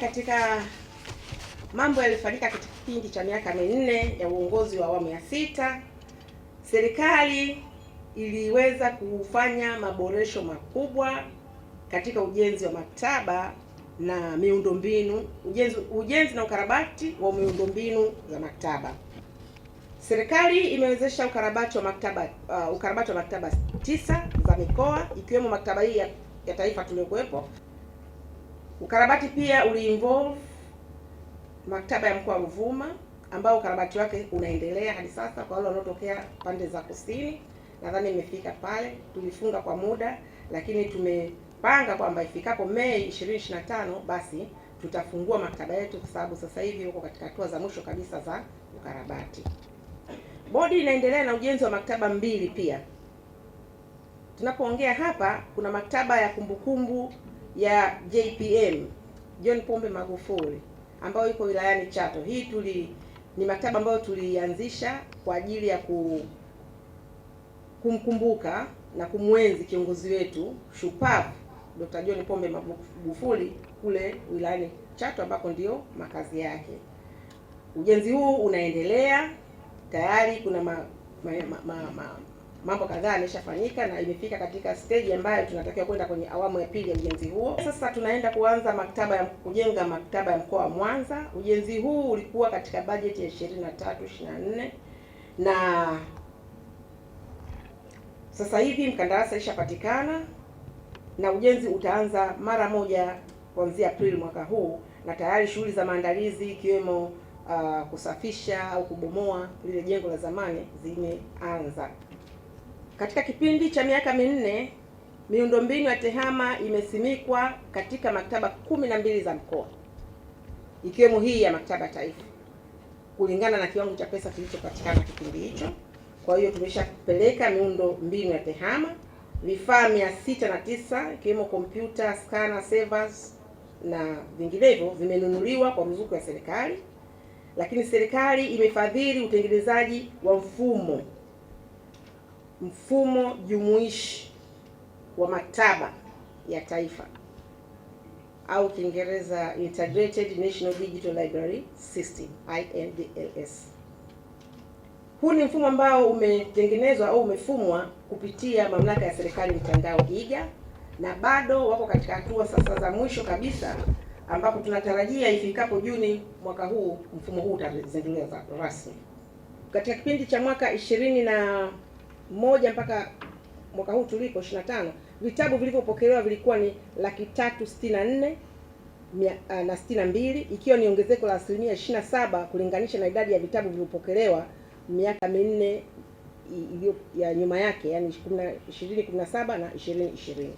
Katika mambo yaliyofanyika katika kipindi cha miaka minne ya uongozi wa awamu ya sita, serikali iliweza kufanya maboresho makubwa katika ujenzi wa maktaba na miundombinu, ujenzi ujenzi na ukarabati wa miundombinu za maktaba. Serikali imewezesha ukarabati wa maktaba uh, ukarabati wa maktaba tisa za mikoa ikiwemo maktaba hii ya, ya taifa tuliyokuwepo Ukarabati pia uliinvolve maktaba ya mkoa wa Ruvuma ambao ukarabati wake unaendelea hadi sasa. Kwa wale wanaotokea pande za kusini, nadhani imefika pale, tulifunga kwa muda, lakini tumepanga kwamba ifikapo Mei 2025 basi tutafungua maktaba yetu, kwa sababu sasa hivi uko katika hatua za mwisho kabisa za ukarabati. Bodi inaendelea na ujenzi wa maktaba mbili pia. Tunapoongea hapa kuna maktaba ya kumbukumbu ya JPM John Pombe Magufuli ambayo iko wilayani Chato. Hii tuli ni maktaba ambayo tulianzisha kwa ajili ya ku, kumkumbuka na kumwenzi kiongozi wetu shupavu Dr. John Pombe Magufuli kule wilayani Chato ambako ndio makazi yake. Ujenzi huu unaendelea tayari kuna ma, ma, ma, ma, ma mambo kadhaa yameshafanyika na imefika katika stage ambayo tunatakiwa kwenda kwenye awamu ya pili ya ujenzi huo. Sasa tunaenda kuanza maktaba ya kujenga maktaba ya mkoa wa Mwanza. Ujenzi huu ulikuwa katika bajeti ya 23 24 na sasa hivi mkandarasi alishapatikana na ujenzi utaanza mara moja kuanzia Aprili mwaka huu, na tayari shughuli za maandalizi ikiwemo uh, kusafisha au kubomoa lile jengo la zamani zimeanza. Katika kipindi cha miaka minne miundombinu ya TEHAMA imesimikwa katika maktaba kumi na mbili za mkoa ikiwemo hii ya maktaba taifa kulingana na kiwango cha pesa kilichopatikana kipindi hicho. Kwa hiyo tumeshapeleka miundo mbinu ya TEHAMA vifaa mia sita na tisa ikiwemo kompyuta, skana, servers na vinginevyo vimenunuliwa kwa mzuko ya serikali, lakini serikali imefadhili utengenezaji wa mfumo mfumo jumuishi wa maktaba ya taifa au Kiingereza Integrated National Digital Library System INDLS. Huu ni mfumo ambao umetengenezwa au umefumwa kupitia mamlaka ya serikali mtandao iga, na bado wako katika hatua sasa za mwisho kabisa, ambapo tunatarajia ifikapo Juni mwaka huu mfumo huu utazinduliwa rasmi. Katika kipindi cha mwaka moja mpaka mwaka huu tulipo 25 vitabu vilivyopokelewa vilikuwa ni laki tatu sitini na nne eh, na sitini na mbili ikiwa ni ongezeko la asilimia 27 kulinganisha na idadi ya vitabu vilivyopokelewa miaka minne ya nyuma yake, yani 2017 na 2020.